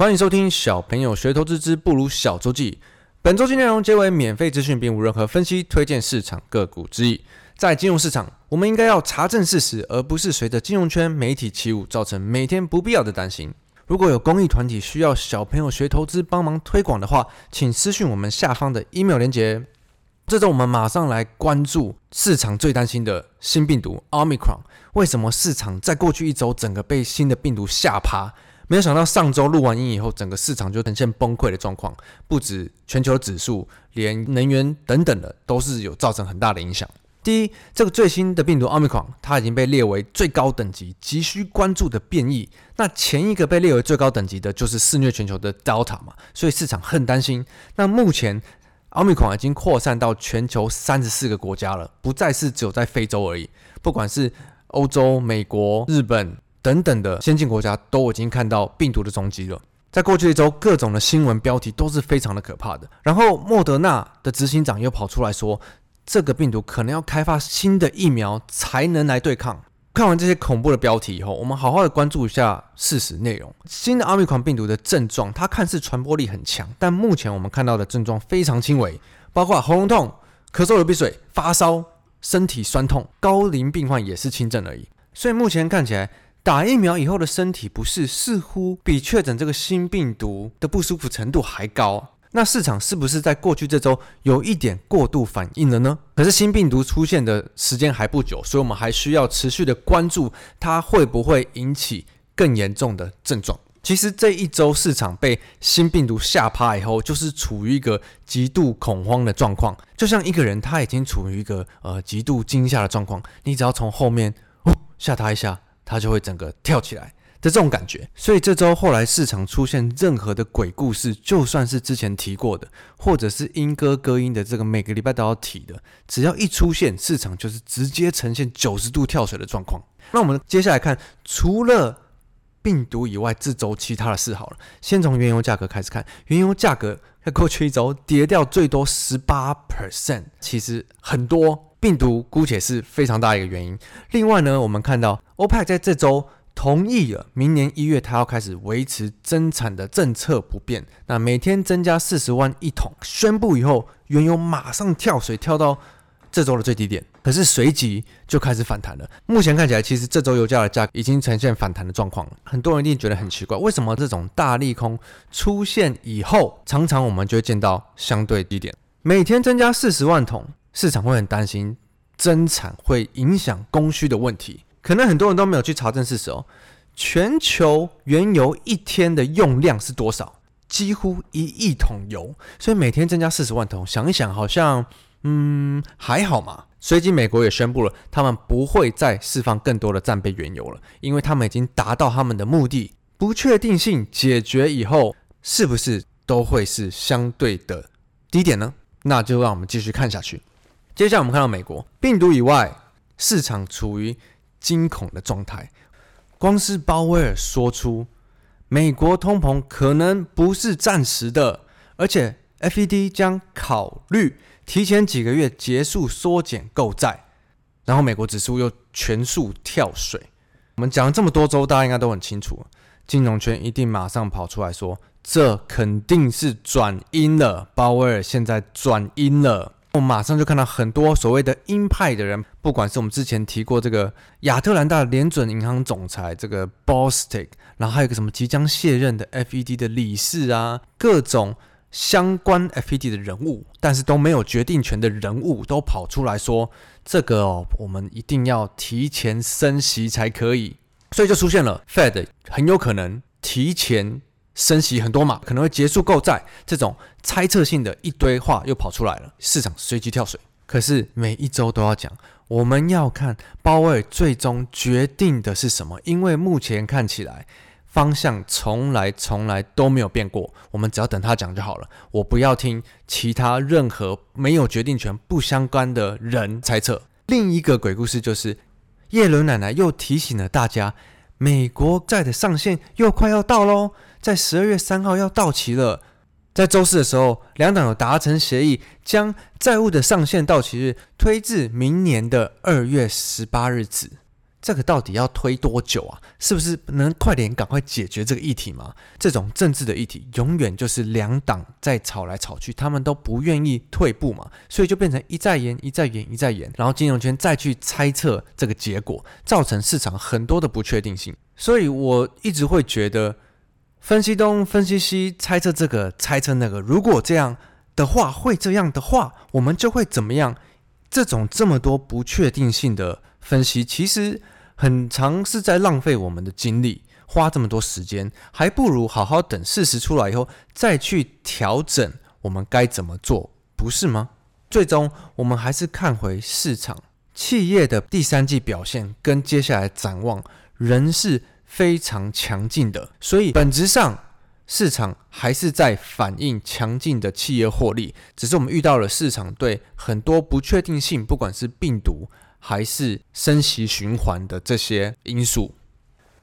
歡迎收聽《小朋友學投資之不魯小周記》。本周記內容皆為免費資訊，並無任何分析、推薦市場個股之意。在金融市場，我們應該要查證事實，而不是隨着金融圈媒體起舞，造成每天不必要的擔心。如果有公益團體需要小朋友學投資幫忙推廣的話，請私訊我們下方的 email 鏈接。這周我們馬上來關注市場最擔心的新病毒 Omicron。為什麼市場在過去一周整個被新的病毒嚇趴？沒有想到上周錄完音以後，整個市場就呈現崩潰的狀況，不止全球指數，連能源等等的都是有造成很大的影響。第一，這個最新的病毒奧密克戎，它已經被列為最高等級、急需關注的變異。那前一個被列為最高等級的就是肆虐全球的 Delta 嘛，所以市場很擔心。那目前奧密克戎已經擴散到全球三十四個國家了，不再是只有在非洲而已。不管是歐洲、美國、日本。等等的先進國家都已經看到病毒的蹤跡了。在過去一周，各種的新聞標題都是非常的可怕的。然後，莫德納的執行長又跑出來說，這個病毒可能要開發新的疫苗才能來對抗。看完這些恐怖的標題以後，我們好好的關注一下事實內容。新的奧密克戎病毒的症狀，它看似傳播力很強，但目前我們看到的症狀非常輕微，包括喉嚨痛、咳嗽流鼻水、發燒、身體酸痛。高齡病患也是輕症而已，所以目前看起來，打疫苗以後的身體不適，似乎比確診這個新病毒的不舒服程度還高啊。那市場是不是在過去這週有一點過度反應了呢？可是新病毒出現的時間還不久，所以我們還需要持續的關注它會不會引起更嚴重的症狀。其實這一週市場被新病毒嚇趴以後，就是處於一個極度恐慌的狀況，就像一個人他已經處於一個呃極度驚嚇的狀況，你只要從後面嚇，嚇他一下。它就會整個跳起來的這種感覺，所以這週後來市場出現任何的鬼故事，就算是之前提過的，或者是鷹鴿鴿鷹的這個每個禮拜都要提的，只要一出現，市場就是直接呈現九十度跳水的狀況。那我們接下來看，除了病毒以外，這週其他的事好了，先從原油價格開始看，原油價格在過去一週跌掉最多十八 percent，其實很多。病毒姑且是非常大一個原因。另外呢，我們看到 OPEC 在這周同意了明年一月，它要開始維持增產的政策不變，那每天增加四十萬一桶。宣布，以後，原油馬上跳水跳到這周的最低點，可是隨即就開始反彈了。目前看起來，其實這周油價的價格已經呈現反彈的狀況。很多人一定覺得很奇怪，為什麼這種大利空出現以後，常常我們就會見到相對低點，每天增加四十萬桶。市場會很擔心增產會影響供需的問題，可能很多人都沒有去查證事實哦。全球原油一天的用量是多少？幾乎一億桶油，所以每天增加四十萬桶，想一想好像嗯還好嘛。隨即美國也宣布了，他們不會再釋放更多的戰備原油了，因為他們已經達到他們的目的。不確定性解決以後，是不是都會是相對的低點呢？那就讓我們繼續看下去。接下來我們看到美國病毒以外，市場處於驚恐的狀態。光是鮑威爾說出美國通膨可能不是暫時的，而且 FED 將考慮提前幾個月結束縮減購債，然後美國指數又全速跳水。我們講了這麼多周，大家應該都很清楚了，金融圈一定馬上跑出來說，這肯定是轉鷹了。鮑威爾現在轉鷹了。我馬上就看到很多所謂的鷹派的人，不管是我們之前提過這個亞特蘭大聯準銀行總裁這個 Bostic，然後還有一個什麼即將卸任的 F E D 的理事啊，各種相關 F E D 的人物，但是都沒有決定權的人物都跑出來說，這個哦，我們一定要提前升息才可以，所以就出現了 F E D 很有可能提前。升息很多嘛，可能會結束購債，這種猜測性的一堆話又跑出來了，市場隨即跳水。可是每一周都要講，我們要看鮑威爾最終決定的是什麼，因為目前看起來方向從來從來都沒有變過。我們只要等他講就好了，我不要聽其他任何沒有決定權、不相關的人猜測。另一個鬼故事就是，耶倫奶奶又提醒了大家，美國債的上限又快要到嘍。在十二月三號要到期了，在週四的時候，兩黨有達成協議，將債務的上限到期日推至明年的二月十八日止。這個到底要推多久啊？是不是能快點趕快解決這個議題嗎？這種政治的議題永遠就是兩黨在吵來吵去，他們都不願意退步嘛，所以就變成一再延、一再延、一再延，然後金融圈再去猜測這個結果，造成市場很多的不確定性。所以我一直會覺得。分析東，分析西，猜測這個，猜測那個。如果這樣的話，會這樣的話，我們就會怎麼樣？這種這麼多不確定性的分析，其實很常是在浪費我們的精力，花這麼多時間，還不如好好等事實出來以後再去調整我們該怎麼做，不是嗎？最終，我們還是看回市場企業的第三季表現跟接下來展望，仍是。非常強勁的，所以本質上市場還是在反映強勁的企業獲利，只是我們遇到了市場對很多不確定性，不管是病毒還是升息循環的這些因素。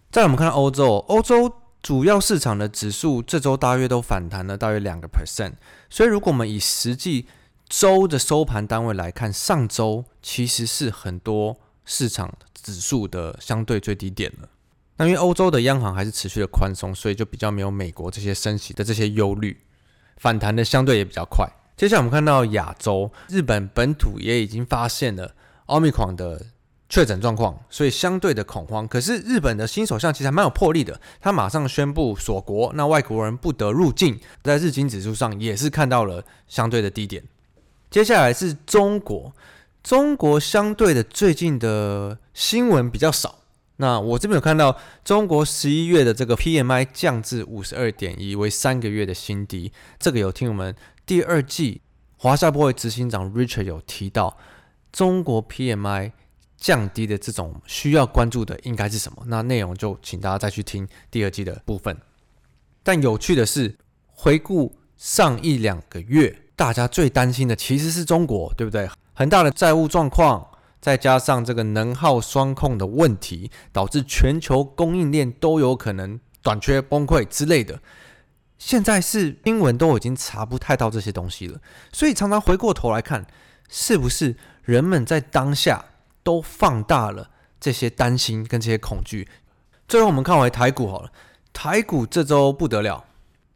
再來，我們看到歐洲，歐洲主要市場的指數這週大約都反彈了大約兩個 percent，所以如果我們以實際週的收盤單位來看，上週其實是很多市場指數的相對最低點了。那因為歐洲的央行還是持續的寬鬆，所以就比較沒有美國這些升息的這些憂慮，反彈的相對也比較快。接下來我們看到亞洲，日本本土也已經發現了奧密克戎的確診狀況，所以相對的恐慌。可是日本的新首相其實還蠻有魄力的，他馬上宣布鎖國，那外國人不得入境，在日經指數上也是看到了相對的低點。接下來是中國，中國相對的最近的新聞比較少。那我這邊有看到中國十一月的這個 PMI 降至五十二點一，為三個月的新低。這個有聽我們第二季華夏不會執行長 Richard 有提到，中國 PMI 降低的這種需要關注的應該是什麼？那內容就請大家再去聽第二季的部分。但有趣的是，回顧上一兩個月，大家最擔心的其實是中國，對不對？很大的債務狀況。再加上這個能耗雙控的問題，導致全球供應鏈都有可能短缺、崩潰之類的。現在是英文都已經查不太到這些東西了，所以常常回過頭來看，是不是人們在當下都放大了這些擔心跟這些恐懼？最後我們看回台股好了，台股這週不得了，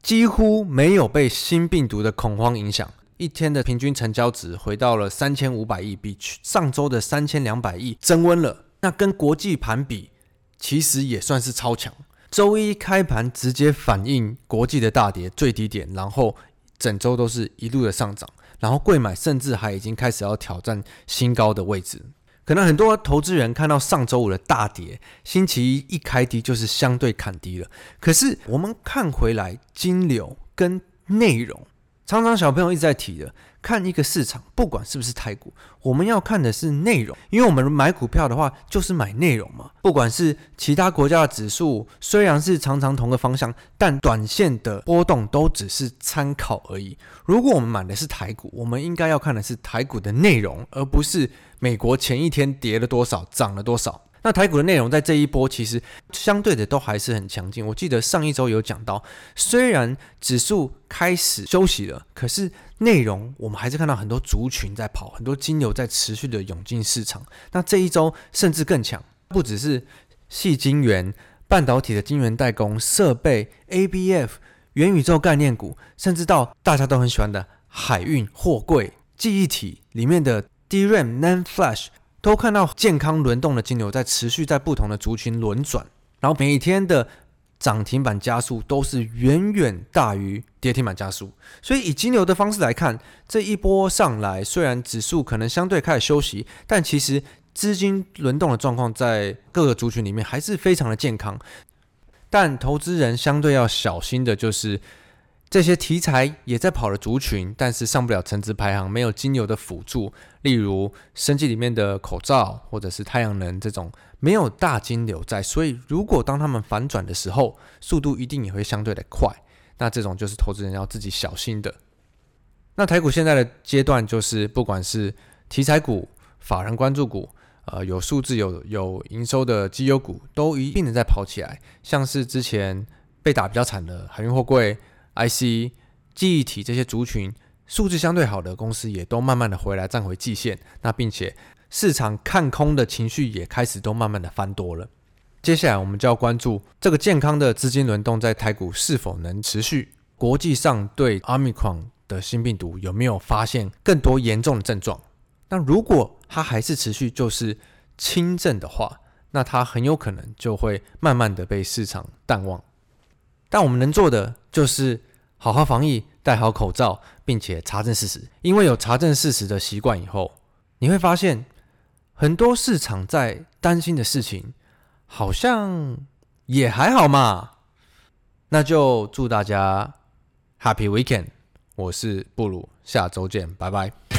幾乎沒有被新病毒的恐慌影響。一天的平均成交值回到了三千五百億，比上周的三千兩百億增溫了。那跟國際盤比，其實也算是超強。周一開盤直接反映國際的大跌最低點，然後整周都是一路的上漲，然後櫃買甚至還已經開始要挑戰新高的位置。可能很多投資人看到上周五的大跌，星期一一開低就是相對看低了。可是我們看回來，金流跟內容。常常小朋友一直在提的，看一個市場，不管是不是台股，我們要看的是內容。因為我們買股票的話，就是買內容嘛。不管是其他國家的指數，雖然是常常同個方向，但短線的波動都只是參考而已。如果我們買的是台股，我們應該要看的是台股的內容，而不是美國前一天跌了多少，漲了多少。那台股的內容在這一波其實相對的都還是很強勁。我記得上一周有講到，雖然指數開始休息了，可是內容我們還是看到很多族群在跑，很多金流在持續的湧進市場。那這一周甚至更強，不只是矽晶圓、半導體的晶圓代工、設備、A B F、元宇宙概念股，甚至到大家都很喜歡的海運貨櫃、記憶體裡面的 D R A M、Nand Flash。都看到健康輪動的金流在持續在不同的族群輪轉，然後每一天的漲停板加速都是遠遠大於跌停板加速，所以以金流的方式來看，這一波上來雖然指數可能相對開始休息，但其實資金輪動的狀況在各個族群裡面還是非常的健康，但投資人相對要小心的就是。這些題材也在跑的族群，但是上不了成值排行，沒有金牛的輔助，例如生技裡面的口罩或者是太陽能這種沒有大金流在，所以如果當他們反轉的時候，速度一定也會相對的快。那這種就是投資人要自己小心的。那台股現在的階段就是，不管是題材股、法人關注股，呃，有數字有有營收的績優股，都一定能再跑起來。像是之前被打比較慘的海運貨櫃。IC、記憶體這些族群，素質相對好的公司也都慢慢的回來，站回季線。那並且市場看空的情緒也開始都慢慢的翻多了。接下來我們就要關注這個健康的資金輪動在台股是否能持續。國際上對 Omicron 的新病毒有沒有發現更多嚴重的症狀？那如果它還是持續就是輕症的話，那它很有可能就會慢慢的被市場淡忘。但我們能做的就是好好防疫，戴好口罩，並且查證事實。因為有查證事實的習慣以後，你會發現很多市場在擔心的事情，好像也還好嘛。那就祝大家 Happy Weekend，我是不魯，下週見，拜拜。